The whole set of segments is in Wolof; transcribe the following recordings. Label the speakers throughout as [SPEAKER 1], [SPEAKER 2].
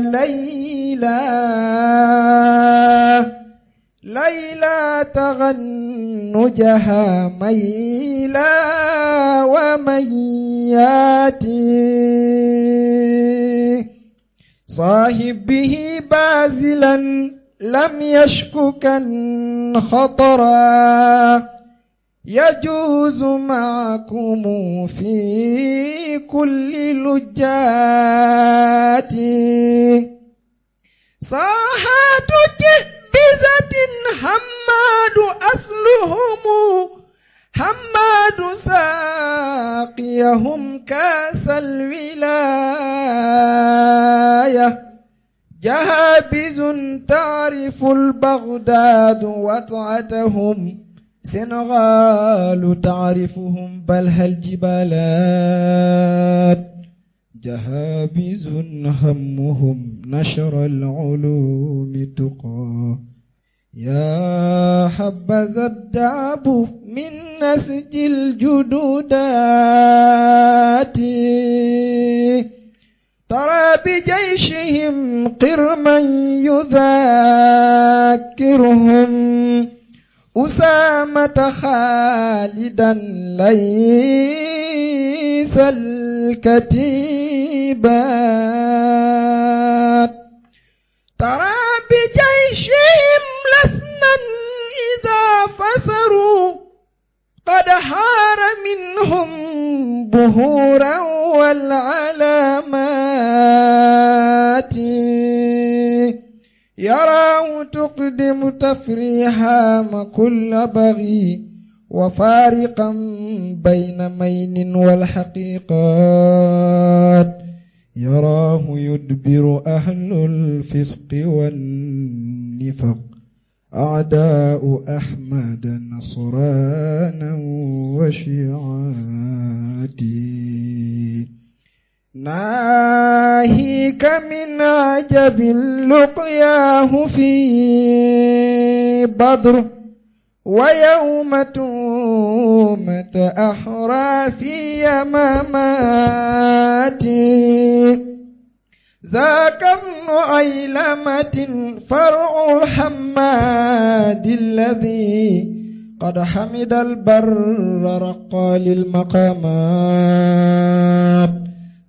[SPEAKER 1] ليلى ليلى تغنجها ميلا ومن ياتي صاحبه بازلا لم يشككن خطرا يجوز معكم في لكل لجات صاحات جهبزة حماد أصلهم حماد ساقيهم كاس الولاية جهابز تعرف البغداد وطعتهم سنغال تعرفهم بل هل جبالات جهابز همهم نشر العلوم تقى يا حبذا الدعب من نسج الجدودات ترى بجيشهم قرما يذاكرهم أسامة خالدا ليس الكتيبات ترى بجيشهم لسنا إذا فسروا قد حار منهم بهورا والعلامات يرى تقدم تفريحام كل بغي وفارقا بين مين والحقيقات يراه يدبر أهل الفسق والنفق أعداء أحمد نصرانا وشيعاتي ناهيك من عجب لقياه في بدر ويوم تومة أحرى في مماتي ذاك ابن عيلمة فرع الحماد الذي قد حمد البر رقى للمقامات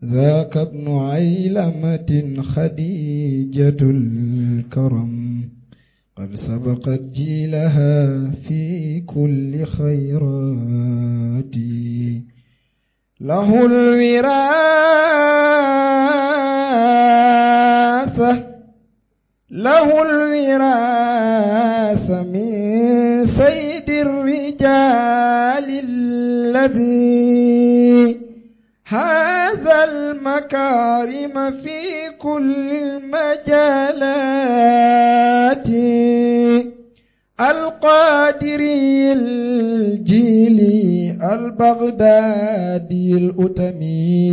[SPEAKER 1] ذاك ابن عيلمة خديجة الكرم قد سبقت جيلها في كل خيرات له الوراثة له الوراثة من سيد الرجال الذي المكارم في كل المجالات القادري الجيلي البغدادي الأتمي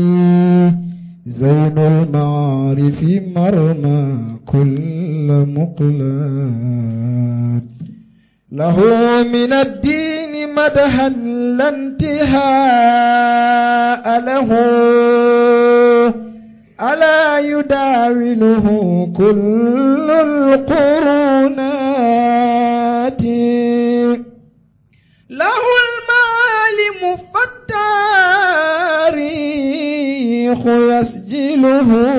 [SPEAKER 1] زين المعارف مرمى كل مقلات له من الدين مدها لا انتهاء له ألا يداوله كل القرونات له المعالم فالتاريخ يسجله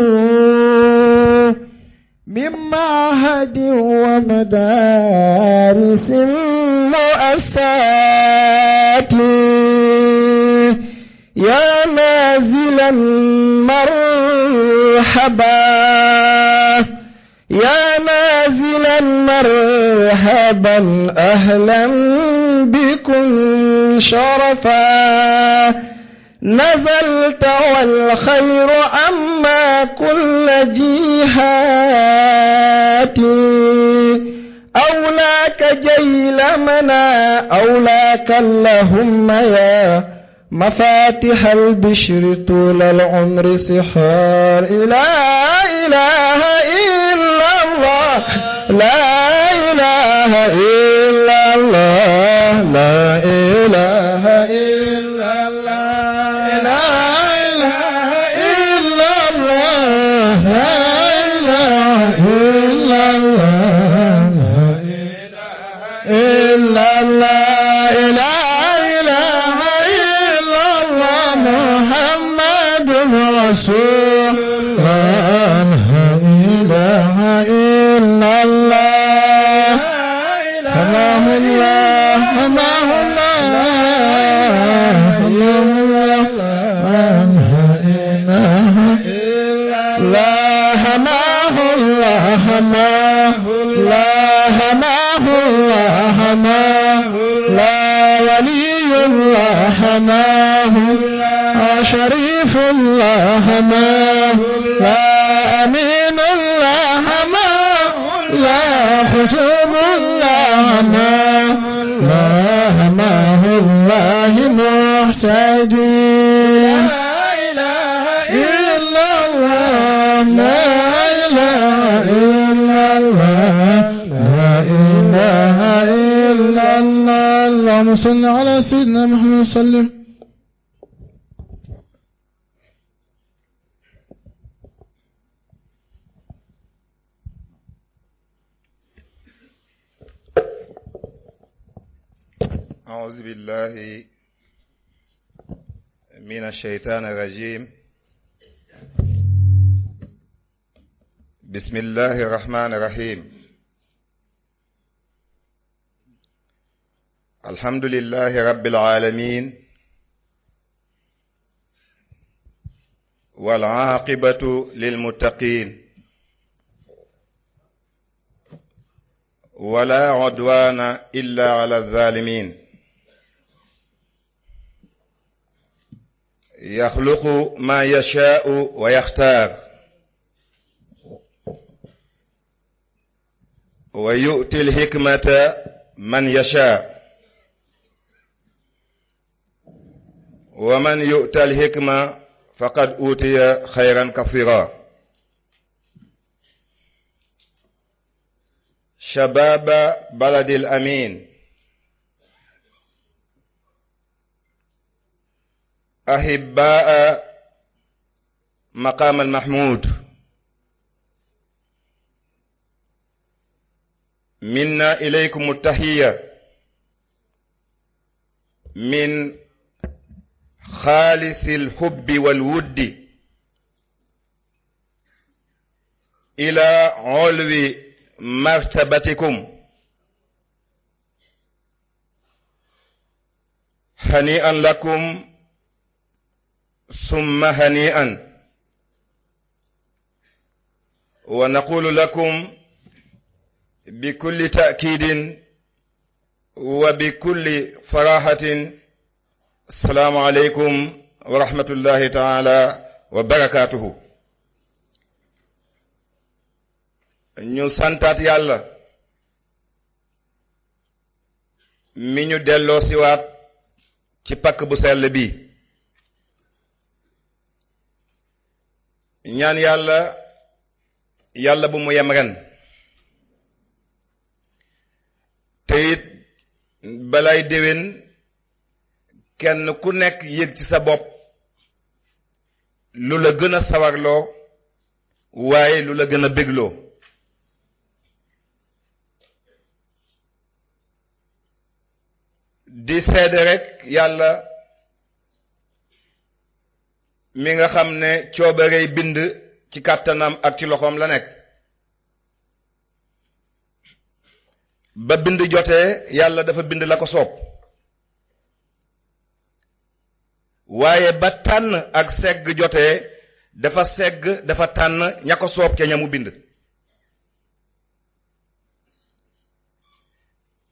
[SPEAKER 1] من معهد
[SPEAKER 2] ومدارس مؤسسات يا نازلا مرحبا يا نازلا مرحبا أهلا بكم شرفا نزلت والخير أم كل جهات أولاك جيل منا أولاك اللهم يا مفاتح البشر طول العمر سحار لا إله إلا الله لا إله إلا الله لا إله هماه الله هماه لا هماه الله هماه لا ولي الله هماه شريف الله هماه لا أمين الله هماه لا حجوب الله هماه لا هماه الله محتاجين اللهم صل على سيدنا محمد وسلم
[SPEAKER 3] أعوذ بالله من الشيطان الرجيم بسم الله الرحمن الرحيم alhamdulillahi rabbil aalamiin wal aaqibatu lil muttaqiin wala udwaana illa ala zaalimiin yaxluqu maa yashaa'u wa yaxtaar wa yu'til hikmata man yashaa wa man yu'tal hikma faqad utiya xayran kasira shababa baladil amin ahibaa maqam al mahmud minna ilaykum tahiya min خالص الحب والود إلى علو مرتبتكم هنيئا لكم ثم هنيئا ونقول لكم بكل تأكيد وبكل صراحة asalaamualeykum wa rahmatullahi taala wa barakaatuhu ñu santaat yàlla mi ñu delloo siwaat ci pakk bu sell bi ñaan yàlla yàlla bu mu yem ren te balay déwén kenn ku nekk yëg ci sa bopp lu la gën a sawarloo waaye lu la gën a bégloo di seede rekk yàlla mi nga xam ne coobarey bind ci kàttanam ak ci loxoom la nekk ba bind jotee yàlla dafa bind la ko soob waaye ba tànn ak segg jotee dafa segg dafa tànn ña ko soob ca ña mu bind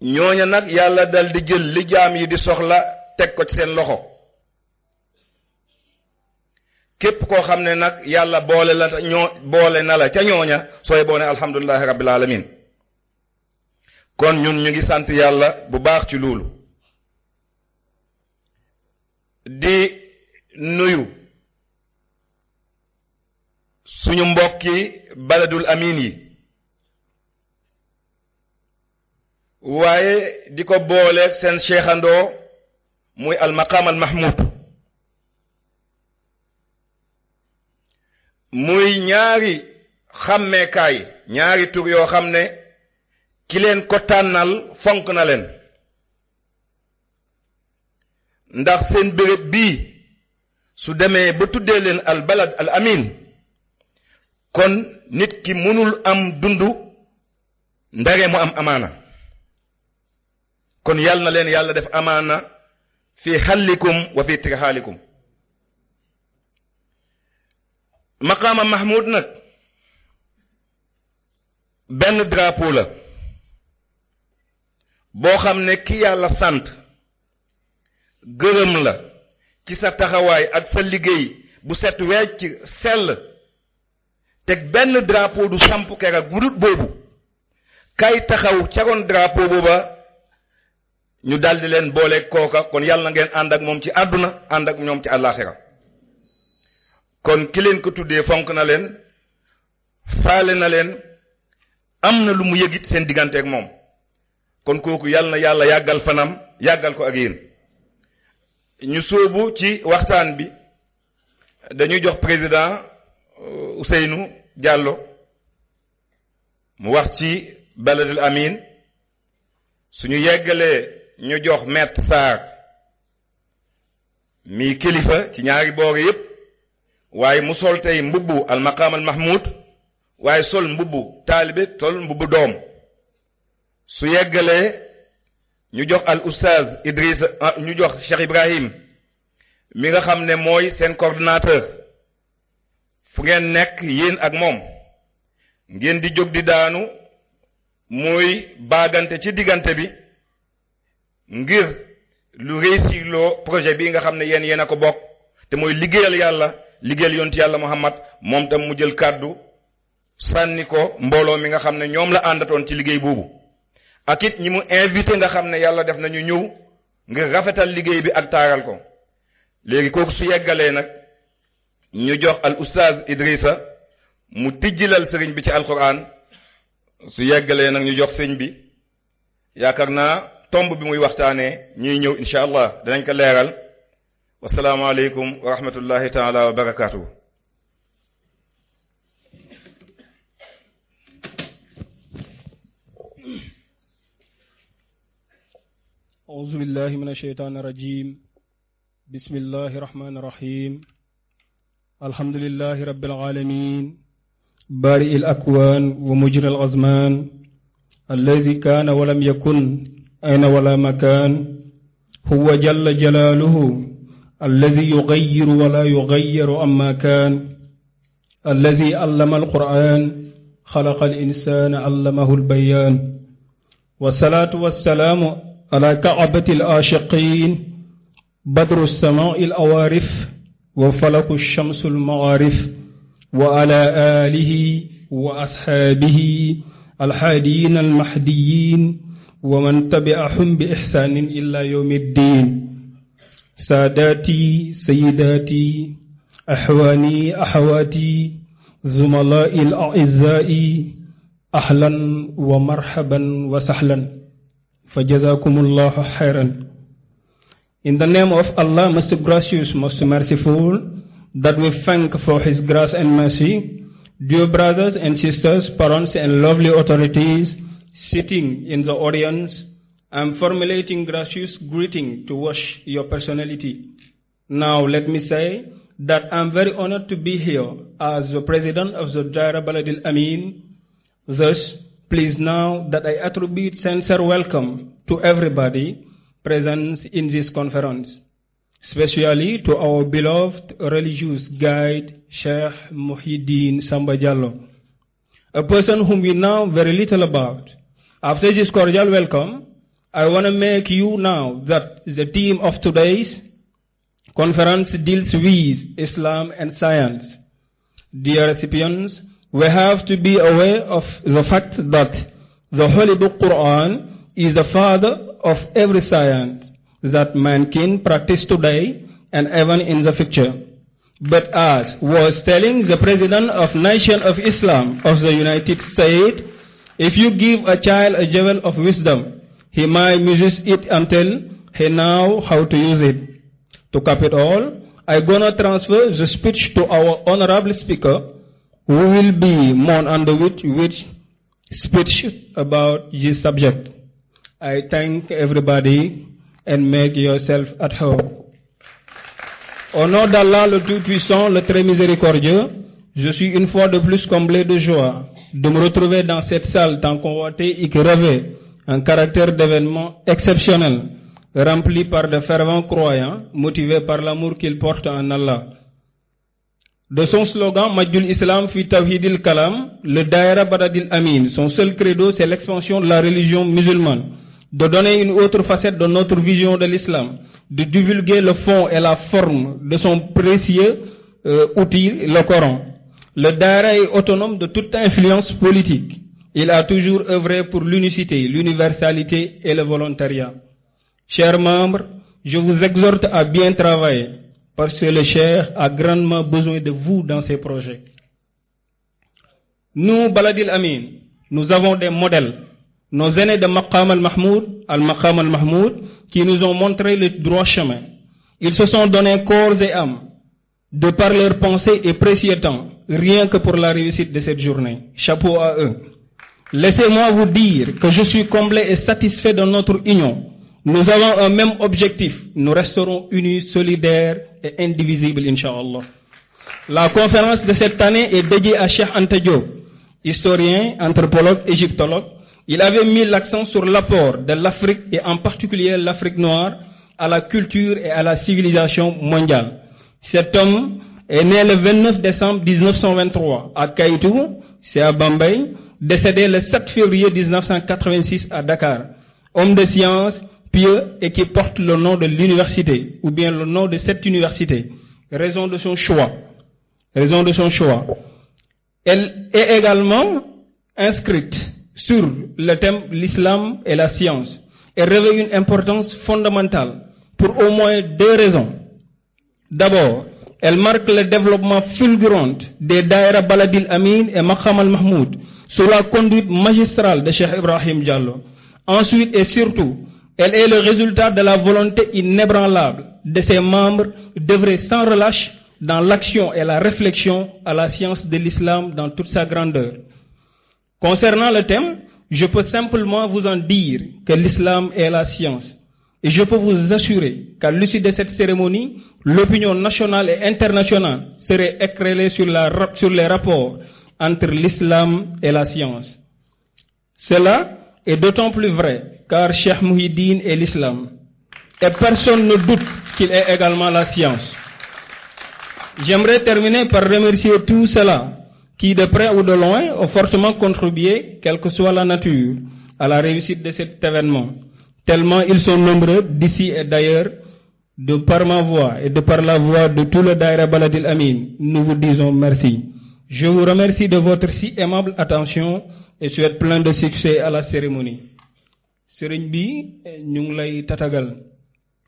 [SPEAKER 3] ñooña nag yàlla dal di jël li jaam yi di soxla teg ko ci seen loxo képp koo xam ne nag yàlla boole na la ca ñooña sooy boone alhamdulilahi rabbil alamin kon ñun ñu ngi sant yàlla bu baax ci loolu di nuyu suñu mbokki baladul amin yi waaye di ko booleeg seen seexandoo muy almaqaam almahmud muy ñaari xàmmeekaay ñaari tur yoo xam ne ki leen ko tànnal fonk na leen ndax seen béréb bii su demee ba tuddee leen al balad al amin kon nit ki mënul am dund ndare mu am amaana kon yàlla na leen yàlla def amaana fi xallikum wa fi tiraxaalikum maqaama mahmud nag benn drapeau la boo xam ne ki yàlla sant gërëm la ci sa taxawaay ak sa liggéey bu set wecc sell teg benn drapeau du samp keroog gudut boobu kay taxaw caroon drapeau booba ñu daldi leen boole kooka kon yàlla ngeen ànd ak moom ci àdduna ànd ak ñoom ci àllaaxira kon ki leen ko tuddee fonk na leen faale na leen am na lu mu yëgit seen diggante ak moom kon kooku yàlla na yàlla yàggal fanam yàggal ko ak yéen ñu sóobu ci waxtaan bi dañuy jox président euh, Ousseynou Diallo mu wax ci baladul amin suñu yeggalee ñu jox mett Sarr mi kilifa ci ñaari boor yépp waaye mu sol tey mbubbu al maqaam al mahmud waaye sol mbubbu taalibe sol mbubbu doom su yeggalee ñu jox al oustaz Idriss ah, ñu jox Cheikh Ibrahim mi nga xam ne mooy seen coordonnateur fu ngeen nekk yéen ak moom ngeen di jóg di daanu mooy baagante ci diggante bi ngir lu réussir loo projet bi nga xam ne yéen yéen a ko bokk te mooy liggéeyal yàlla liggéeyal ci yàlla Muhammad moom tam mu jël kàddu sànni ko mbooloo mi nga xam ne ñoom la àndatoon ci liggéey boobu ak it ñi mu invité nga xam ne yàlla def nañu ñëw ngir rafetal liggéey bi ak taaral ko léegi kooku su yeggalee nag ñu jox al ustaaz Idrissa mu tijjilal sëriñ bi ci alquran su yeggalee nag ñu jox sëñ bi yaakaar naa tomb bi muy waxtaanee ñuy ñëw incha allah danañ ko leeral wasalaamaaleykum wa rahmatullahi taala wa barakaatu.
[SPEAKER 4] أعوذ بالله من الشيطان الرجيم بسم الله الرحمن الرحيم الحمد لله رب العالمين بارئ الأكوان ومجرى الأزمان الذي كان ولم يكن أين ولا مكان هو جل جلاله الذي يغير ولا يغير أما كان الذي علم القرآن خلق الإنسان علمه البيان والصلاة والسلام ala kaabati al ashiqin badru samai al awarif wa falaku shamsu al maarif wa ala alihi wa ashaabihi alhaadiyin almahdiyin wa man tabiahum bi ihsaanin ila yawmi ddin saadaati sayidaati axwaani axawaati zumalaai al aizai ahlan wa marhaban wa sahlan fa jazakumullahu khairan. In the name of Allah, most gracious, most merciful, that we thank for His grace and mercy, dear brothers and sisters, parents and lovely authorities sitting in the audience, I'm formulating gracious greeting to wash your personality. Now, let me say that I'm very honored to be here as the president of the Daira Baladil Amin. Thus, Please now that I attribute sincere welcome to everybody present in this conference, especially to our beloved religious guide, Sheikh Muhyiddin Samba a person whom we know very little about. After this cordial welcome, I want to make you know that the theme of today's conference deals with Islam and science. Dear recipients, we have to be aware of the fact that the Holy Book Quran is the father of every science that mankind practice today and even in the future. But as was telling the President of Nation of Islam of the United States, if you give a child a jewel of wisdom, he might misuse it until he know how to use it. To cap it all, I'm gonna transfer the speech to our honorable speaker. We will be more under with, with speech about this subject. I thank everybody and make yourself at home. Au nom d'Allah le Tout-Puissant, le Très Miséricordieux, je suis une fois de plus comblé de joie de me retrouver dans cette salle tant convoitée et qui revêt un caractère d'événement exceptionnel, rempli par de fervents croyants, motivés par l'amour qu'ils portent en Allah. De son slogan Majul Islam fi Tawhidil Kalam, le Daïra Baradil Amin, son seul credo, c'est l'expansion de la religion musulmane, de donner une autre facette de notre vision de l'islam, de divulguer le fond et la forme de son précieux euh, outil, le Coran. Le Daïra est autonome de toute influence politique. Il a toujours œuvré pour l'unicité, l'universalité et le volontariat. Chers membres, je vous exhorte à bien travailler parce que le Cheikh a grandement besoin de vous dans ses projets. Nous, Baladil Amin, nous avons des modèles. Nos aînés de Maqam al-Mahmoud, al-Maqam al-Mahmoud, qui nous ont montré le droit chemin. Ils se sont donnés corps et âme, de par leurs pensées et précieux temps, rien que pour la réussite de cette journée. Chapeau à eux. Laissez-moi vous dire que je suis comblé et satisfait de notre union Nous avons un même objectif. Nous resterons unis, solidaires et indivisibles, Inch'Allah. conférence de cette année est dédiée à Cheikh Anta Diop, historien, anthropologue, égyptologue. Il avait mis l'accent sur l'apport de l'Afrique et en particulier l'Afrique noire à la culture et à la civilisation mondiale. Cet homme est né le 29 décembre 1923 à Kaitou, c'est à Bombay, décédé le 7 février 1986 à Dakar. Homme de pieux et qui porte le nom de l'université ou bien le nom de cette université, raison de son choix. Raison de Elle est également inscrite sur le thème l'islam et la science et revêt une importance fondamentale pour au moins deux raisons. D'abord, elle marque le développement fulgurant des Daïra Baladil Amin et Makham al-Mahmoud sous la conduite magistrale de Cheikh Ibrahim Diallo. Ensuite et surtout, Elle est le résultat de la volonté inébranlable de ses membres d'œuvrer sans relâche dans l'action et la réflexion à la science de l'islam dans toute sa grandeur. Concernant le thème, je peux simplement vous en dire que l'islam est la science. Et je peux vous assurer qu'à l'issue de cette cérémonie, l'opinion nationale et internationale serait éclairée sur, la, sur les rapports entre l'islam et la science. Cela est d'autant plus vrai car Cheikh Mouhidine est l'islam et personne ne doute qu'il est également la science. J'aimerais terminer par remercier tous ceux-là qui, de près ou de loin, ont fortement contribué, quelle que soit la nature, à la réussite de cet événement, tellement ils sont nombreux d'ici et d'ailleurs. De par ma voix et de par la voix de tout le Daïra Baladil Amin, nous vous disons merci. Je vous remercie de votre si aimable attention. et plan de succès à la cérémonie sëriñ bi ñu ngi lay tatagal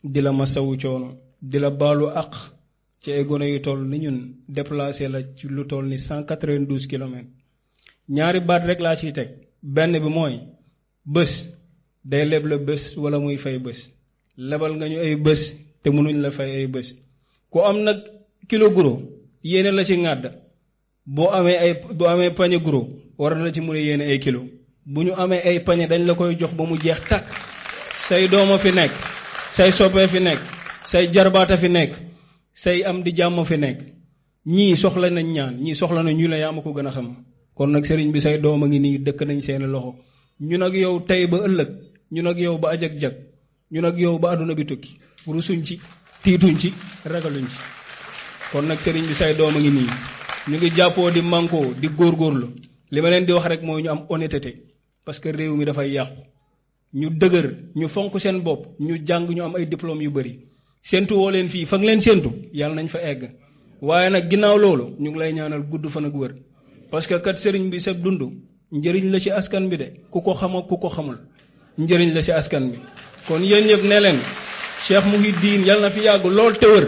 [SPEAKER 4] di la masawu coono di la baalu àq ci ay gone yu toll ni ñun déplacé la ci lu toll ni cent quatre-vingt-douze ñaari baat rek laa ciy teg benn bi mooy bés day leble bés wala muy fay bës lebal nga ñu ay bës te mënuñ la fay ay bés ku am nag kilo guro yéene la ci ŋàdd boo amee ay boo amee pañe guro waroon la ci mën a yéene ay kilo bu ñu amee ay pañe dañ la koy jox ba mu jeex takk say a fi nekk say soppee fi nekk say jarbaata fi nekk say am di jàmm fi nekk ñii soxla nañ ñaan ñii soxla nañ ñu la yaa ma ko gën a xam kon nag sëriñ bi say doom a ngi nii dëkk nañ seeni loxo ñun ak yow tey ba ëllëg ñun ak yow ba ajag-jag ñun ak yow ba àdduna bi tukki rusuñ ci tiituñ ci ragaluñ ci kon nag sëriñ bi say doom a ngi nii ñu ngi jàppoo di mànkoo di góorgóorlu li ma leen di wax rek mooy ñu am honnêteté parce que réew mi dafay yàqu ñu dëgër ñu fonk seen bopp ñu jàng ñu am ay diplôme yu bëri séntu woo leen fii fa leen séntu yàlla nañ fa egg waaye nag ginnaaw loolu ñu ngi lay ñaanal gudd fan ak wër parce que kat sëriñ bi sa dund njëriñ la ci askan bi de ku ko xam ak ku ko xamul njëriñ la ci askan bi kon yéen ñëpp ne leen Cheikh Mouhidine yàlla na fi yàgg lool te wër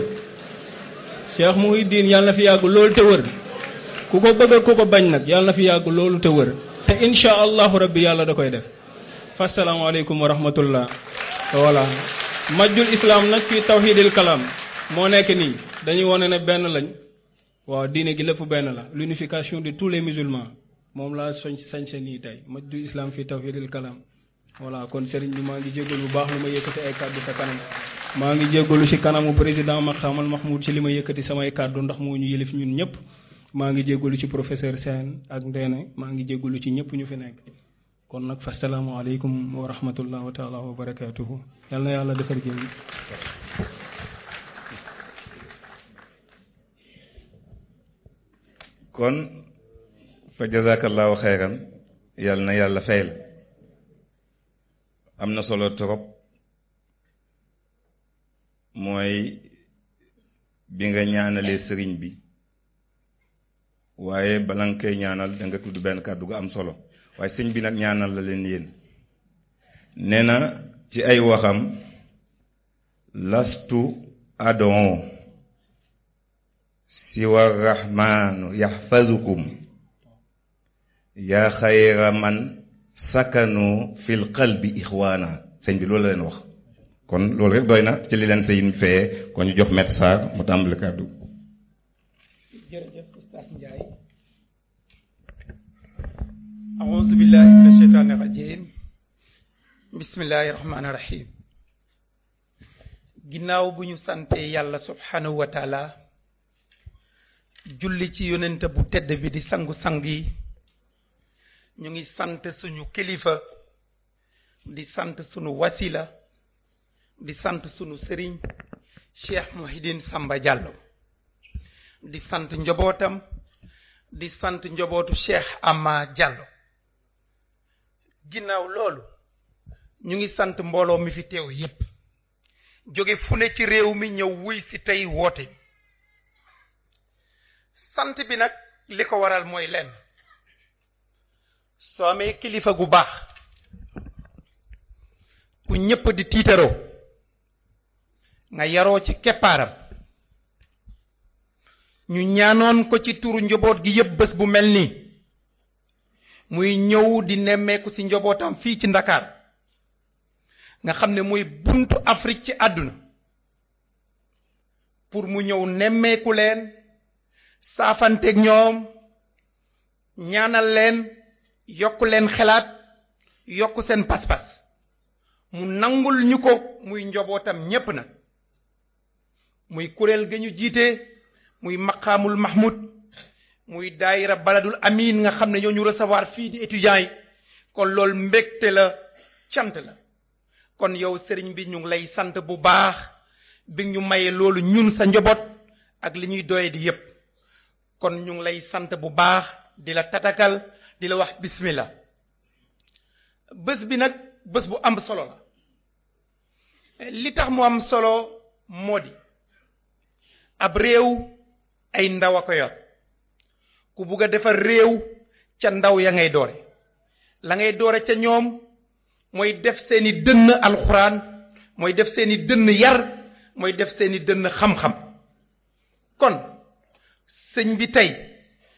[SPEAKER 4] Cheikh Mouhidine yàlla na fi yàgg lool te wër ku ko bëgg ku ko bañ nag yàlla na fi yàgg loolu te wër te incha allahu rabbi yàlla da koy def fasalaamualeykum wa rahmatullah voilà majjul islam nag fii tawhidil kalam moo nekk nii dañuy wane ne benn lañ waaw diine gi lépp benn la l'unification de tous les musulmans moom laa soñ sañse nii tey majjul islam fii tawhidil kalam voilà kon sëriñ bi maa ngi jégalu lu baax lu ma yëkkati ay kàddu sa kanam maa ngi jégalu ci kanamu président Mahamal Mahmoud ci li ma yëkkati samay kàddu ndax moo ñu yëlif ñun ñëpp maa ngi jégalu ci professeur Sène ak Ndene maa ngi jégalu ci ñëpp ñu fi nekk kon nag fa salaamualeykum wa rahmatullah wa taala yal na yàlla defar jëm
[SPEAKER 3] kon fa jazakallahu xayran yal na yàlla fay la am na solo trop mooy bi nga ñaanalee sëriñ bi waaye bala nga koy ñaanal da nga tudd benn kàddu gu am solo waaye sëñ bi nag ñaanal la leen yéen nee na ci ay waxam lastu adon siwa rahmaanu yaxfazukum yaa xayra man sakanu fil qalbi ixwaana sëñ bi loolu la leen wax kon loolu rek doy na ci li leen sëñ fee kon ñu jox met saar mu tàmbali kàddu
[SPEAKER 5] Njaay auzu billahi bismillahi rahmaani rahim ginnaaw bu ñu santee yàlla subhanahu wa julli ci yonente bu tedd bi di sangu-sang yi ñu ngi sant suñu kilifa di sant suñu wasila di sant suñu sëriñ Cheikh Mouhidine Samba Diallo di sant njobootam di sant njabootu Cheikh Ama Diallo ginnaaw loolu ñu ngi sant mbooloo mi fi teew yépp jóge fu ne ci réew mi ñëw wuy si tey woote bi sant bi nag li ko waral mooy lenn soo amee kilifa gu baax ku ñépp di tiitaroo nga yaroo ci keppaaram ñu ñaanoon ko ci tuuru njaboot gi yépp bés bu mel nii muy ñëw di nemmeeku ci njabootam fii ci Ndakaar nga xam ne muy buntu Afrique ci àdduna pour mu ñëw nemmeeku leen saafanteeg ñoom ñaanal leen yokk leen xalaat yokk seen pas-pas mu nangul ñu ko muy njabootam ñépp nag muy kuréel ga ñu jiite muy maqaamul mahmoud muy daayira baladul amin nga xam ne ñoo ñu recevoir fii di étudiants yi kon loolu mbégte la cant la kon yow sëriñ bi ñu ngi lay sant bu baax bi ñu mayee loolu ñun sa njaboot ak li ñuy doye di yépp kon ñu ngi lay sant bu baax di la tatakal di la wax bismillah bés bi nag bés bu am solo la li tax mu am solo moo di ab réew ay ndaw a ko yor ku bugg a defar réew ca ndaw ya ngay doore la ngay doore ca ñoom mooy def seeni dënn alxuraan mooy def seeni dënn yar mooy def seeni dënn xam-xam kon sëñ bi tey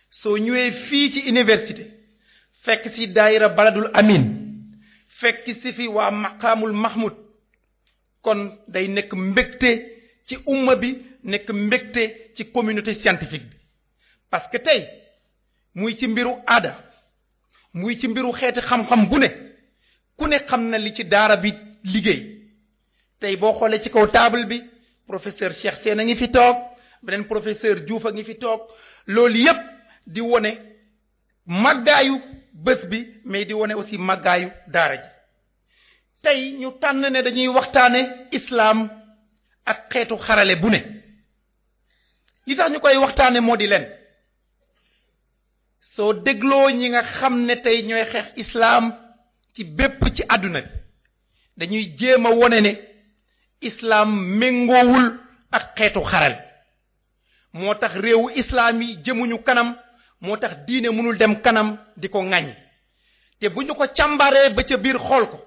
[SPEAKER 5] soo ñëwee fii ci université fekk si daayira baladul amin fekk si fi waa maqaamul mahmud kon day nekk mbégte ci uma bi nekk mbégte ci communauté scientifique bi parce que tey muy ci mbiru aada muy ci mbiru xeeti xam-xam bu ne ku ne xam na li ci daara bi liggéey tey boo xoolee ci kaw table bi professeur Cheikh seen a ngi fi toog beneen professeur Diouf a ngi fi toog loolu yépp di wone màggaayu bés bi mais di wone aussi màggaayu daara ji tey ñu tànn ne dañuy waxtaane islaam ak xeetu xarale bu ne li tax ñu koy waxtaane moo di leen soo dégloo ñi nga xam ne tey ñooy xeex islaam ci bépp ci àdduna bi dañuy jéem a wone ne islaam méngoowul ak xeetu xaral moo tax réewu islaam yi jëmuñu kanam moo tax diine mënul dem kanam di ko ŋàññ te bu ñu ko càmbaree ba ca biir xool ko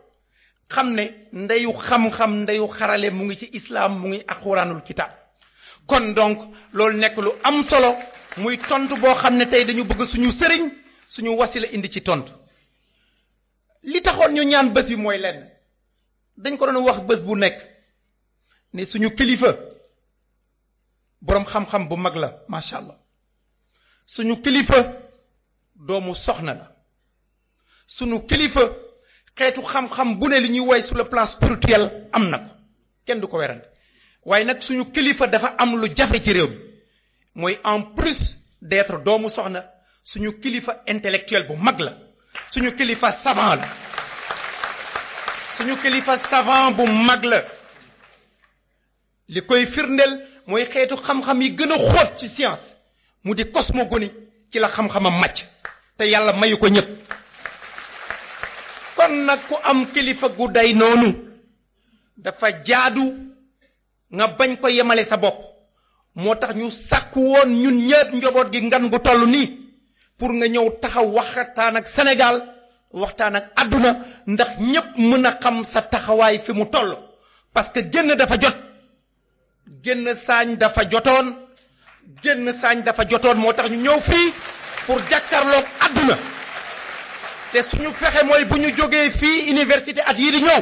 [SPEAKER 5] xam ne ndeyu xam-xam ndeyu xarale mu ngi ci islaam mu ngi ak xuraanul kitaab kon donc loolu nekk lu am solo muy tontu boo xam ne tey dañu bëgg suñu sëriñ suñu wasila indi ci tontu li taxoon ñu ñaan bés yi mooy lenn dañ ko doon wax bés bu nekk ni suñu kilifa boroom xam-xam bu mag la macha allah suñu kilifa doomu soxna la suñu kilifa xeetu xam-xam bu ne li ñuy woy sur le plan spirituel am na ko kenn du ko werante waaye nag suñu kilifa dafa am lu jafe ci réew mi mooy en plus detre doomu soxna suñu kilifa intellectuel bu mag la suñu kilifa savant suñu kilifa savant bu mag la li koy firndeel mooy xeetu xam-xam yi gën a xoot ci science mu di cosmogonie ci la xam-xamam màcc te yàlla mayu ko ñëpp kon nag ku am kilifa gu day noonu dafa jaadu nga bañ ko yemale sa bopp moo tax ñu sàkku woon ñun ñëpp njaboot gi ngan gu toll nii pour nga ñëw taxaw waxtaan ak senegal waxtaan ak àdduna ndax ñëpp mën a xam sa taxawaay fi mu toll parce que génn dafa jot génn saañ dafa jotoon génn saañ dafa jotoon moo tax ñu ñëw fii pour jàkkarloog àdduna te suñu fexe mooy bu ñu jógee fii université at yii di ñëw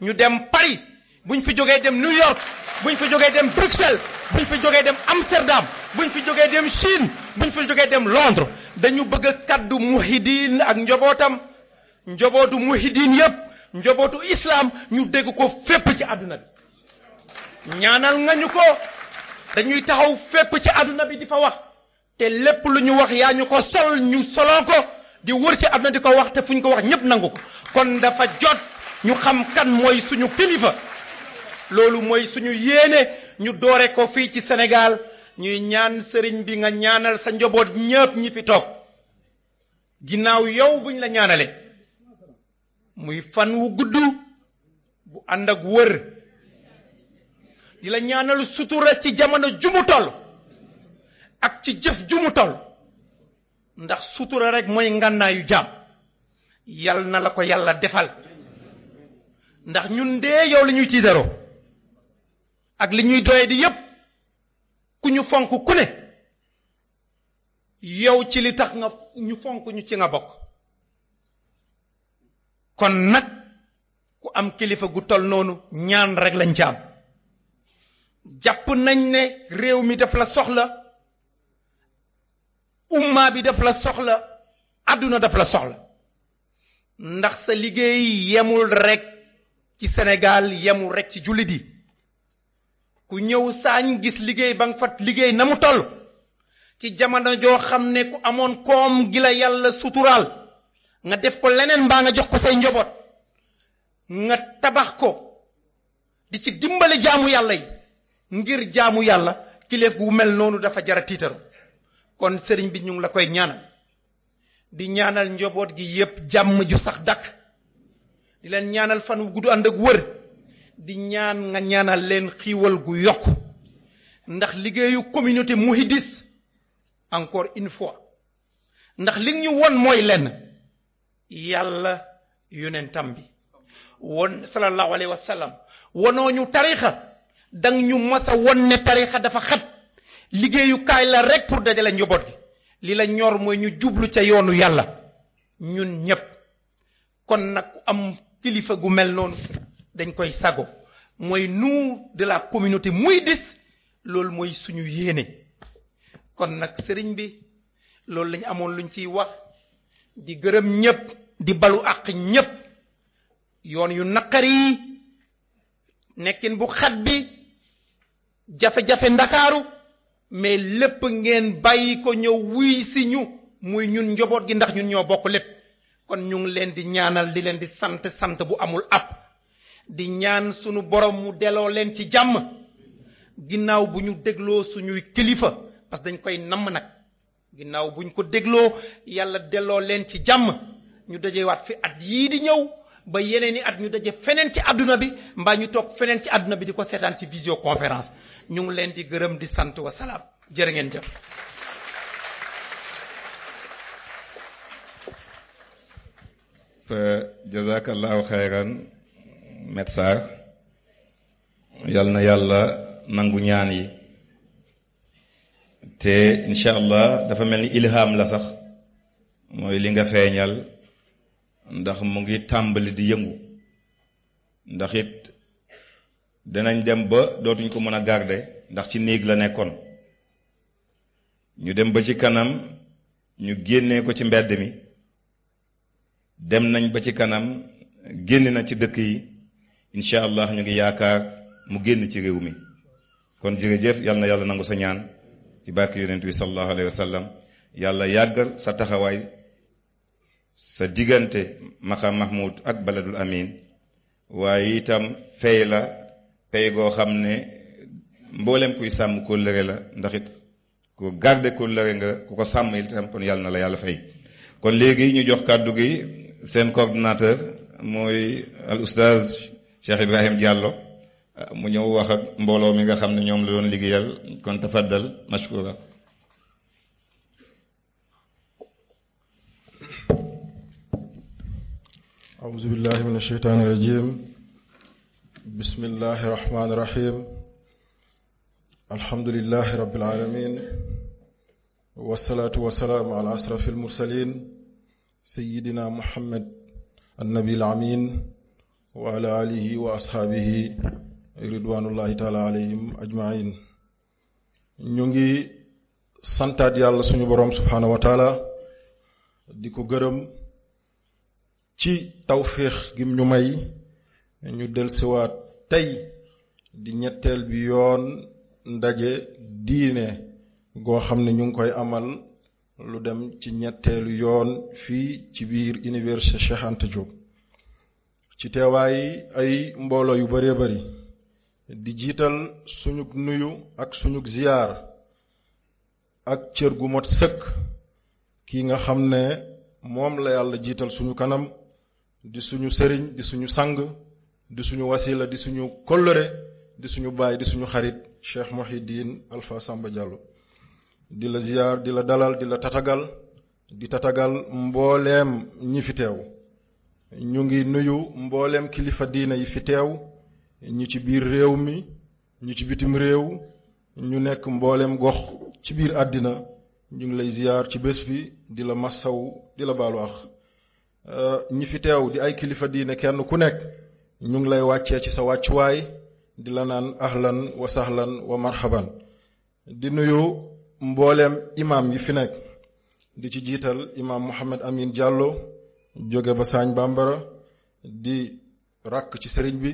[SPEAKER 5] ñu dem Paris buñ fi jógee dem New York buñ fi jógee dem Bruxelles buñ fi jógee dem Amsterdam buñ fi jógee dem Chine buñ fi jógee dem Londres dañu bëgg a kaddu muhidin ak njobootam njobootu muhidin yépp njobootu islam ñu dégg ko fépp ci àdduna bi ñaanal ko dañuy taxaw fépp ci àdduna bi di fa wax te lépp lu ñu wax yaa ñu ko sol ñu soloo ko di wër ci àdduna di ko wax te fu ñu ko wax ñépp nangu kon dafa jot ñu xam kan mooy suñu kilifa loolu mooy suñu yéene ñu doore ko fii ci senegaal ñuy ñaan sëriñ bi nga ñaanal sa njaboot ñëpp ñi fi toog ginnaaw yow buñ la ñaanale muy fan wu gudd bu ànd ak wër di la ñaanal sutura ci jamono jumu toll ak ci jëf jumu toll ndax sutura rek mooy ngànnaayu jaam yal na la ko yàlla defal ndax ñun dee yow la ñuy tiitaroo ak li ñuy doye di yépp ku ñu fonk ku ne yow ci li tax nga ñu fonk ñu ci nga bokk kon nag ku am kilifa gu tol noonu ñaan rek lañ ci am jàpp nañ ne réew mi daf la soxla umma bi daf la soxla àdduna daf la soxla ndax sa liggéey yemul rek ci Sénégal yemul rek ci jullit yi ku ñëw saañ gis liggéey ba nga fa liggéey na mu toll ci jamono joo xam ne ku amoon koom gi la yàlla suturaal nga def ko leneen mbaa nga jox ko say njaboot nga tabax ko di ci dimbali jaamu yàlla yi ngir jaamu yàlla kilif gu mel noonu dafa jara tiitaru kon sëriñ bi ñu la koy ñaanal di ñaanal njoboot gi yépp jàmm ju sax dakk di leen ñaanal fan wu gudd ànd ak wër di ñaan nga ñaanal leen xiiwal gu yokk ndax liggéeyu communauté mu muhidis encore une fois ndax li ñu won mooy lenn yàlla yonentam bi won sallallahu alayhi wa sallam wonoo ñu tarixa dang ñu masa won ne tarixa dafa xat liggéeyukaay la rek pour dajale njaboot gi li la ñor mooy ñu jublu ca yoonu yàlla ñun ñépp kon nag am kilifa gu mel noonu dañ koy sago mooy nous de la communauté muy dis loolu mooy suñu yéene kon nag sëriñ bi loolu lañ amoon lu ñu ciy wax di gërëm ñëpp di balu àq ñëpp yoon yu naqari yi nekkin bu xat bi jafe-jafe ndakaaru mais lépp ngeen bàyyi ko ñëw wuy si ñu muy ñun njoboot gi ndax ñun ñoo bokk lépp kon ñu ngi leen di ñaanal di leen di sant sant bu amul ab di ñaan sunu borom mu delloo leen ci jàmm ginnaaw bu ñu dégloo suñuy kilifa parce que dañ koy namm nag ginnaaw buñ ko dégloo yàlla delloo leen ci jàmm ñu dajewaat fi at yii di ñëw ba yeneen yi at ñu daje feneen ci àdduna bi mbaa ñu toog feneen ci àdduna bi di ko seetaan ci visioconférence ñu ngi leen di gërëm di sant wa jër ngeen jëf.
[SPEAKER 3] Maître Sarr yal na yàlla nangu ñaan yi te incha allah dafa mel ni ilham la sax mooy li nga feeñal ndax mu ngi tàmbali di yëngu ndax it danañ dem ba dootuñ ko mën a garder ndax ci néeg la nekkoon ñu dem ba ci kanam ñu génnee ko ci mbedd mi dem nañ ba ci kanam génn na ci dëkk yi incha allah ñu ngi yaakaar mu génn ci réew mi kon jërëjëf yal na yàlla nangu sa ñaan ci barke yonent bi sallallahu alayhi wa sallam yàlla yàggal sa taxawaay sa diggante maqaam mahmud ak baladul amin waaye itam fay la fay goo xam ne mboolem kuy sàmm kóllëre la ndax it ku garde kóllëre nga ku ko sàmm itam kon yàlla na la yàlla fay kon léegi ñu jox kàddu gi seen coordinateur mooy al oustaz Cheikh Ibrahim Diallo mu ñëw wax ak mbooloo mi nga xam ne ñoom la doon liggéeyal kon tafaddal mashkura
[SPEAKER 6] أعوذ بالله من الشيطان الرجيم بسم الله الرحمن الرحيم الحمد لله رب العالمين والصلاة والسلام على أشرف المرسلين سيدنا محمد النبي الأمين wa ala wa ashaabihi ridwanullahi taala alayhim ajmain ñu ngi santaat yàlla suñu boroom subhaanahu wa taala di ko gërëm ci tawféex gim ñu may ñu delsiwaat tey di ñetteel bi yoon ndaje diine goo xam ne ñu ngi koy amal lu dem ci ñetteelu yoon fii ci biir université Cheikh Anta ci teewaay ay mbooloo yu baree bari di jiital suñu nuyu ak suñu ziyaar ak cër gu mot sëkk kii nga xam ne moom la yàlla jiital suñu kanam di suñu sëriñ di suñu sang di suñu wasila di suñu kollëre di suñu baay di suñu xarit Cheikh Mouhidine Alpha Samba Diallo di la ziyaar di la dalal di la tatagal di tatagal mbooleem ñi fi teew ñu ngi nuyu mboolem kilifa diina yi fi teew ñu ci biir réew mi ñu ci bitim réew ñu nekk mboolem gox ci biir àddina ñu ngi lay ziyaar ci bés bi di la massaw di la baalu ax euh, ñi fi teew di ay kilifa diine kenn ku nekk ñu ngi lay wàccee ci sa wàccuwaay di la naan ahlan wa sahlan wa marhaban di nuyu mboolem imaam yi fi nekk di ci jiital imam Mohamed Amin Diallo jóge ba saañ bambara di rakk ci sëriñ bi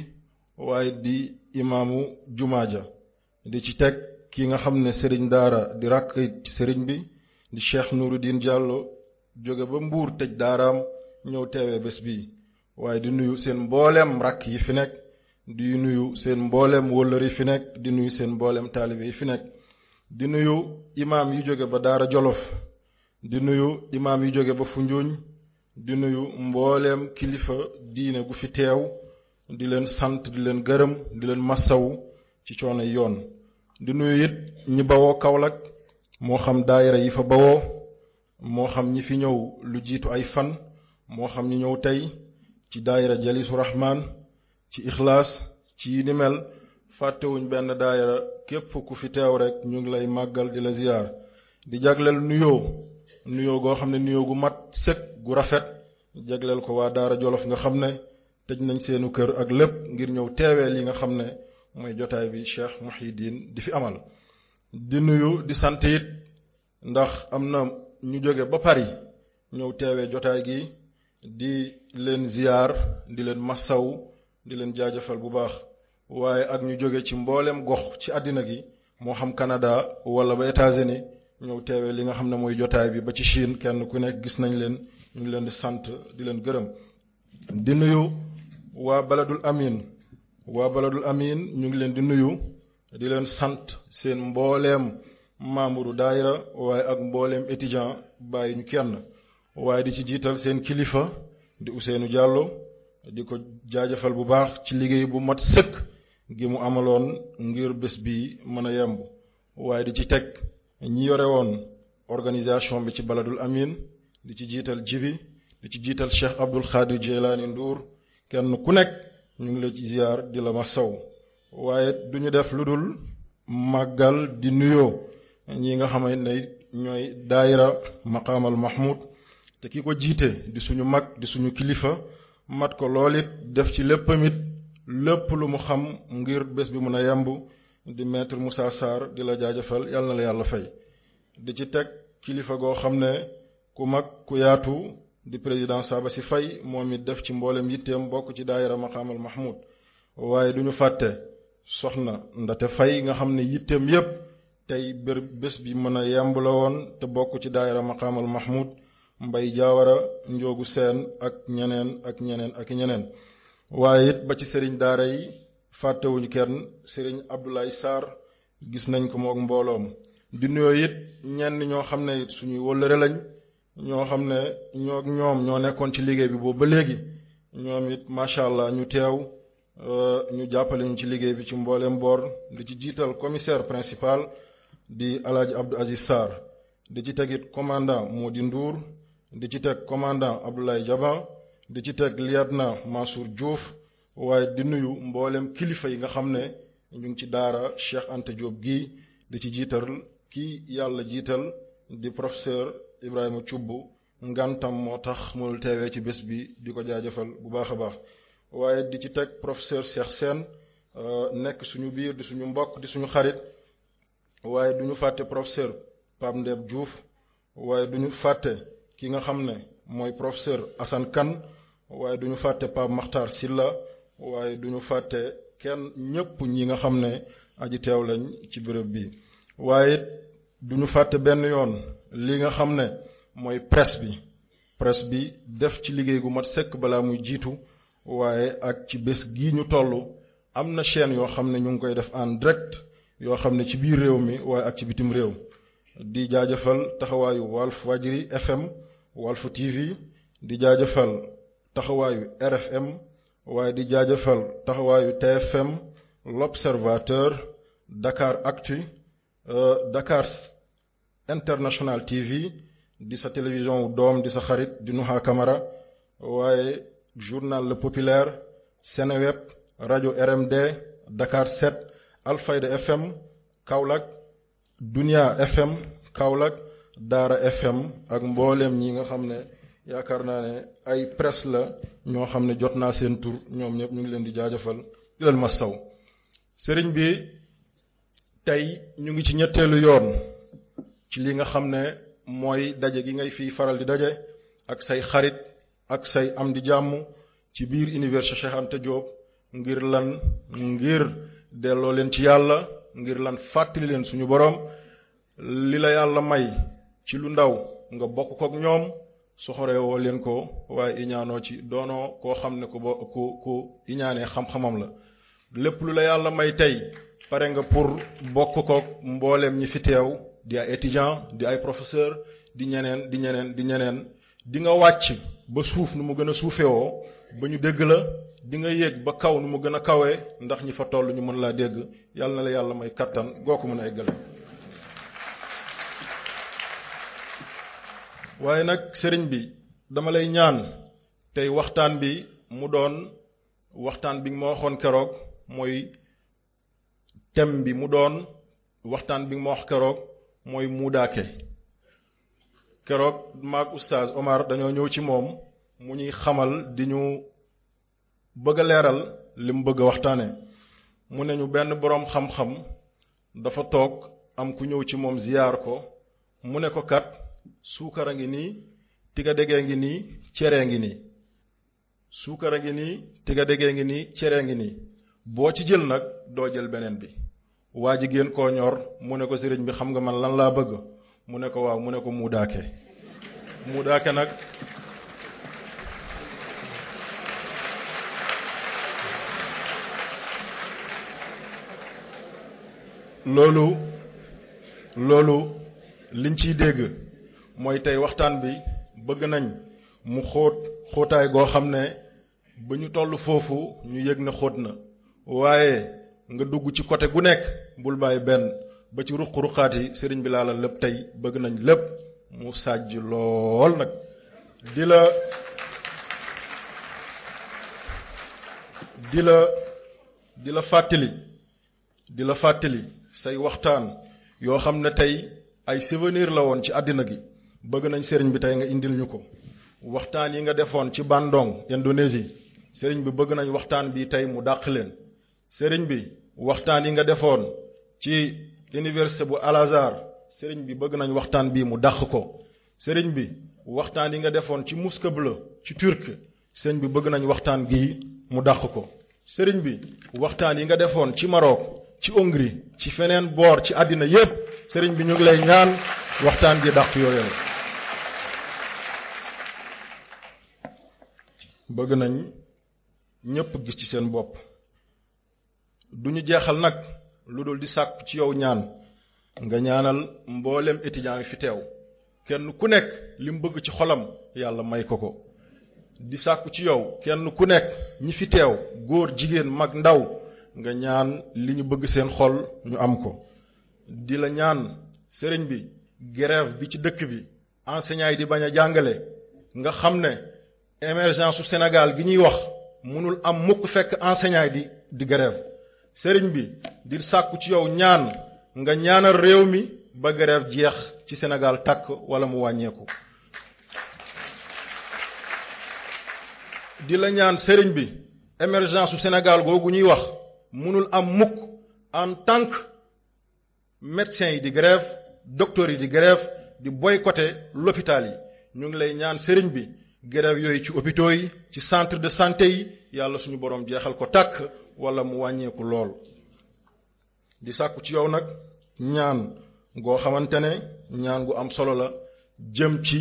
[SPEAKER 6] waaye di imaamu jumaa ja di ci teg ki nga xam ne sëriñ daara di rakk ci sëriñ bi di cheikh Nouruddin jàlloo jóge ba mbuur tëj daaraam ñëw teewee bés bi waaye di nuyu seen mbooleem rakk yi fi nekk di nuyu seen mbooleem wóllër yi fi nekk di nuyu seen mbooleem taalibe yi fi nekk di nuyu imaam yu jóge ba daara jolof di nuyu imaam yi jóge ba funjuuñ di nuyu mbooleem kilifa diine gu fi teew di leen sant di leen gërëm di leen massawu ci coono yoon di nuyu it ñi bawoo Kaolack moo xam daayira yi fa bawoo moo xam ñi fi ñëw lu jiitu ay fan moo xam ñi ñëw tey ci daayira Jalisu Rahman ci Ixlaas ci yi mel fàttewuñ benn daayira képp ku fi teew rek ñu ngi lay màggal di la ziyaar di jagleel nuyoo nuyoo goo xam ne nuyoo gu mat sëkk gu rafet jagleel ko waa Daara Jolof nga xam ne tëj nañ seenu kër ak lépp ngir ñëw teewee li nga xam ne mooy jotaay bi Cheikh Mouhidine di fi amal. di nuyu di sant it ndax am na ñu jóge ba Paris ñëw teewee jotaay gi di leen ziyaar di leen massaw di leen jaajëfal bu baax waaye ak ñu jóge ci mbooleem gox ci àddina gi moo xam Canada wala ba États-Unis ñëw teewee li nga xam ne mooy jotaay bi ba ci Chine kenn ku nekk gis nañ leen ñu ngi leen di sant di leen gërëm di nuyu waa Baladil Amine waa Baladil Amine ñu ngi leen di nuyu di leen sant seen mbooleem membre daayira waaye ak mbooleem étudiant bàyyi ñu kenn waaye di ci jiital seen kilifa di Ousseynou Diallo di ko jaajëfal bu baax ci liggéey bu mat sëkk gi mu amaloon ngir bés bi mën a yemb waaye di ci teg ñi yore woon organisation bi ci Baladil Amine di ci jiital jibi di ci jiital Cheikh Abdul Xaadir Jeylaani Nduur kenn ku nekk ñu ngi la ci di la ma saw waaye du ñu def lu dul màggal di nuyoo ñi nga xamante ne ñooy daayira maqaamal mahmud te ki ko jiite di suñu mag di suñu kilifa mat ko lool it def ci léppamit lépp lu mu xam ngir bés bi mun a yemb di maître Moussa saar di la jaajëfal yàlla na la yàlla fay di ci teg kilifa goo xam ne ku mag ku yaatu di président Saba si fay moom it def ci mboolem yitteem bokk ci daayira Maqaamal Mahmoud waaye du fàtte soxna Ndate Fay nga xam ne yitteem yépp tey bér bés bi mën a yemb woon te bokk ci daayira Maqaamal Mahmoud Mbay Jaawara Njoogu Seen ak ñeneen ak ñeneen ak ñeneen waaye it ba ci sëriñ daara yi fàttewuñu kenn siriñ Abdoulaye Sarr gis nañ ko mook mbooloom di nuyoo it ñenn ñoo xam ne suñuy wëllëre lañ ñoo xam ne ñoo ñoom ñoo nekkoon ci liggéey bi boobu ba léegi ñoom it macha allah ñu teew euh, ñu jàppale ñu ci liggéey bi ci mbooleem mboor di ci jiital commissaire principal di alaaji Abdou Aziz Sarr di ci teg it commandant di nduur di ci teg commandant Abdoulaye Diaban di ci teg lieutenant Mansour Diouf waaye di nuyu mboolem kilifa yi nga xam ne ñu ngi ci daara Cheikh Anta Diop gi di ci jiital kii yàlla jiital di professeur Ibrahima Thioub ngantam moo tax mënul teewee ci bés bi di ko jaajëfal bu baax a baax waaye di ci teg professeur Cheikh Sène euh, nekk suñu biir di suñu mbokk di suñu xarit waaye du ñu fàtte professeur Pape Ndeb Diouf waaye du ñu fàtte ki nga xam ne mooy professeur Assane Kane waaye du ñu fàtte Pape Makhtar Silla waaye duñu fàtte kenn ñëpp ñi nga xam ne aji teew lañ ci béréb bi waaye duñu fàtte benn yoon li nga xam ne mooy presse bi presse bi def ci liggéey gu mat sekk balaa muy jiitu waaye ak ci bés gi ñu toll am na chaîne yoo xam ne ñu ngi koy def en direct yoo xam ne ci biir réew mi waaye ak ci bitim réew di jaajëfal taxawaayu Walf Wajri FM Walf TV di jaajëfal taxawaayu RFM waaye di jaajëfal taxawaayu TFM l'Observateur Dakar Actu euh, Dakar International TV di sa télévision wu doom di sa xarit di Nuha Kamara waaye journal Le Populaire Seneweb rajo RMD Dakar 7 Alfayda FM kawlak Dunia FM Kaolack Daara FM ak mboolem ñi nga xam ne yaakaar naa ne ay presse la ñoo xam ne jot naa seen tur ñoom ñëpp ñu ngi leen di jaajëfal di leen saw sëriñ bi tey ñu ngi ci ñetteelu yoon ci li nga xam ne mooy daje gi ngay fii faral di daje ak say xarit ak say am di jàmm ci biir université Cheikh Anta ngir lan ngir delloo leen ci yàlla ngir lan fàttali leen suñu boroom li la yàlla may ci lu ndaw nga bokk kook ñoom soxoree woo leen ko waaye iñaanoo ci doonoo koo xam ne ku ba ku ku iñaanee xam-xamam la lépp lu la yàlla may tey pare nga pour bokk ko mbooleem ñi fi teew di ay étudiants di ay professeurs di ñeneen di ñeneen di ñeneen di nga wàcc ba suuf nu mu gën a suufewoo ba ñu dégg la di nga yéeg ba kaw nu mu gën a kawee ndax ñi fa toll ñu mën laa dégg yàlla na la yàlla may kattan goo ko mën a eggale waaye nag sëriñ bi dama lay ñaan tey waxtaan bi mu doon waxtaan bi moo waxoon keroog mooy thème bi mu doon waxtaan bi ma wax keroog mooy muudaake keroog maak oustaz Omar dañoo ñëw ci moom mu ñuy xamal di ñu bëgg leeral li mu bëgg a waxtaane mu ne ñu benn boroom xam-xam dafa toog am ku ñëw ci moom ziyaar ko mu ne ko kat suukar a ngi nii tiga degee ngi nii ceree ngi nii suukar a ngi nii tiga degee ngi nii ceree ngi nii boo ci jël nag doo jël beneen bi waa ji gën koo ñor mu ne ko sëriñ bi xam nga man lan laa bëgg mu ne ko waaw mu ne ko muudaake muudaake nag loolu loolu liñ ciy dégg mooy tey waxtaan bi bëgg nañ mu xóot xóotaay goo xam ne ba ñu toll foofu ñu yëg ne xóot na waaye nga dugg ci côté gu nekk bul bàyyi benn ba ci ruq-ruqaat sëriñ bi laala lépp tey bëgg nañ lépp mu sàjj lool nag di la di la di la fàttali di la fàttali say waxtaan yoo xam ne tey ay souvenir la woon ci àddina gi bëgg nañ sëriñ bi tey nga indil ñu ko waxtaan yi nga defoon ci Bandung Indonésie sëriñ bi bëgg nañu waxtaan bi tey mu dàq leen sëriñ bi waxtaan yi nga defoon ci université bu Al Azhar sëriñ bi bëgg nañ waxtaan bi mu dàq ko sëriñ bi waxtaan yi nga defoon ci Mosquée Bleue ci turk sëriñ bi bëgg nañ waxtaan bii mu dàq ko sëriñ bi waxtaan yi nga defoon ci Maroc ci Hongrie ci feneen boor ci àddina yépp sëriñ bi ñu ngi lay ñaan waxtaan bi dàq yooyu bëgg nañ ñépp gis ci seen bopp du ñu jeexal nag lu dul di sàkku ci yow ñaan nga ñaanal mboolem étudiant yi fi teew kenn ku nekk li mu bëgg ci xolam yàlla may ko ko di sàkku ci yow kenn ku nekk ñi fi teew góor jigéen mag ndaw nga ñaan li ñu bëgg seen xol ñu am ko di la ñaan sëriñ bi grève bi ci dëkk bi enseignant yi di bañ a jàngale nga xam ne émergence su Sénégal gi ñuy wax mënul am mukk fekk enseignant yi di di grève sëriñ bi di sàkku ci yow ñaan nga ñaanal réew mi ba grève jeex ci Sénégal takk wala mu wàññeeku di la ñaan sëriñ bi émergence su Sénégal googu ñuy wax mënul am mukk en tant que yi di grève docteurs yi di grève di boycotter l'hôpital yi ñu ngi lay ñaan sëriñ bi grève yooyu ci hôpitaux yi ci centre de santé yi yàlla suñu borom jeexal ko tàkk wala mu wàññeeku lool di sàkku ci yow nag ñaan goo xamante ne ñaan gu am solo la jëm ci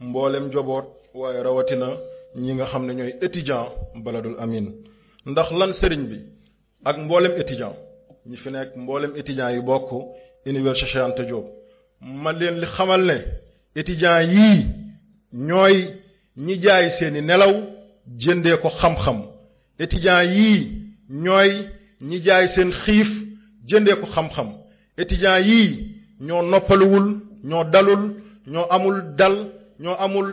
[SPEAKER 6] mbooleem njoboot waaye rawatina ñi nga xam ne ñooy étudiant baladul amin ndax lan sëriñ bi ak mboolem étudiant ñi fi nekk mbooleem étudiant yi bokk université Cheikh Anta Diop ma leen li xamal ne étudiant yii ñooy ñi jaay seeni nelaw jëndee ko xam-xam étudiants yii ñooy ñi jaay seen xiif jëndee ko xam-xam étudiants yii ñoo noppaluwul ñoo dalul ñoo amul dal ñoo amul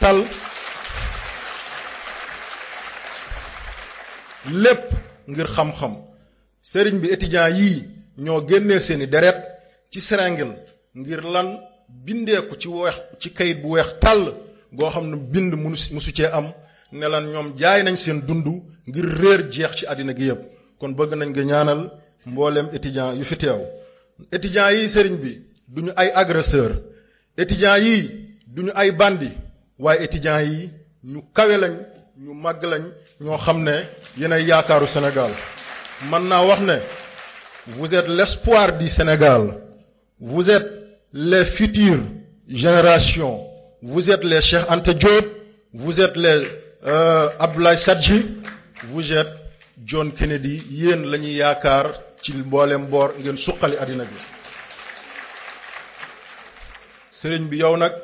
[SPEAKER 6] tal lépp ngir xam-xam sëriñ bi étudiants yii ñoo génnee seeni deret ci serengel ngir lan bindee ko ci weex ci kayit bu weex tàll goo xam ne bind munu musu cee am ne ñoom jaay nañ seen dundu ngir réer jeex ci àddina gi yëpp kon bëgg nañ nga ñaanal mbooleem étudiant yu fi teew étudiant yi sëriñ bi duñu ay agresseur étudiant yi duñu ay bandi waaye étudiant yi ñu kawe lañ ñu màgg lañ ñoo xam ne yéenay yaakaaru Sénégal man naa wax ne vous êtes l'espoir du Sénégal vous êtes les futures générations vous êtes les Cheikh Anta Diop vous êtes les euh, Abdoulaye Sadji vous êtes John Kennedy yéen la ñuy yaakaar ci mboolem boor ngeen suqali àddina bi sëriñ bi yow nag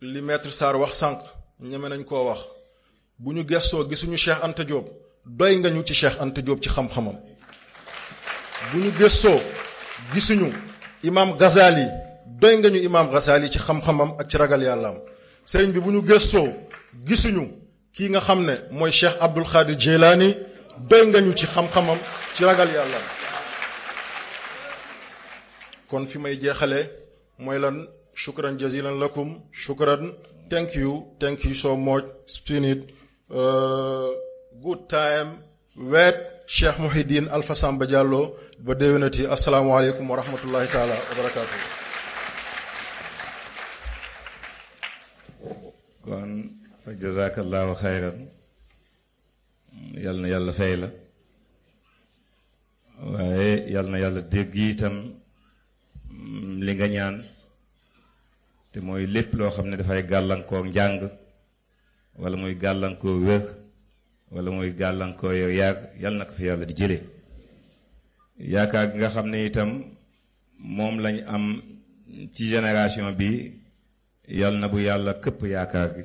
[SPEAKER 6] li maître Sarr wax sànq ñeme nañ koo wax bu ñu gestoo gisuñu Cheikh Anta Diop doy nga ñu ci Cheikh Anta ci xam-xamam bu ñu gestoo gisuñu imam Ghazali doy nga ñu imaam Ghazali ci xam-xamam ak ci ragal yàllaam sëriñ bi bu ñu gëstoo gisuñu kii nga xam ne mooy Cheikh Abdul Xaadir Jeylaani doy nga ci xam-xamam ci ragal yàllaam kon fi may jeexale mooy lan shukran jazilan lakum shukran thank you thank you so much spirit uh, good time wet Cheikh Mouhidine Alpha Samba Diallo ba déwénati asalaamaaleykum wa rahmatullahi taala wa barakaatu
[SPEAKER 3] kon fa jazakallahu xayran yal na yàlla fay la waaye yal na yàlla dégg itam mm, li nga ñaan te mooy lépp loo xam ne dafay gàllankoo njàng wala muy gàllankoo wér wala muy gàllankoo yow yaag yal na ko fi yàlla di jële yaakaar gi nga xam ne itam moom lañu am ci génération bi yal na bu yàlla këpp yaakaar gi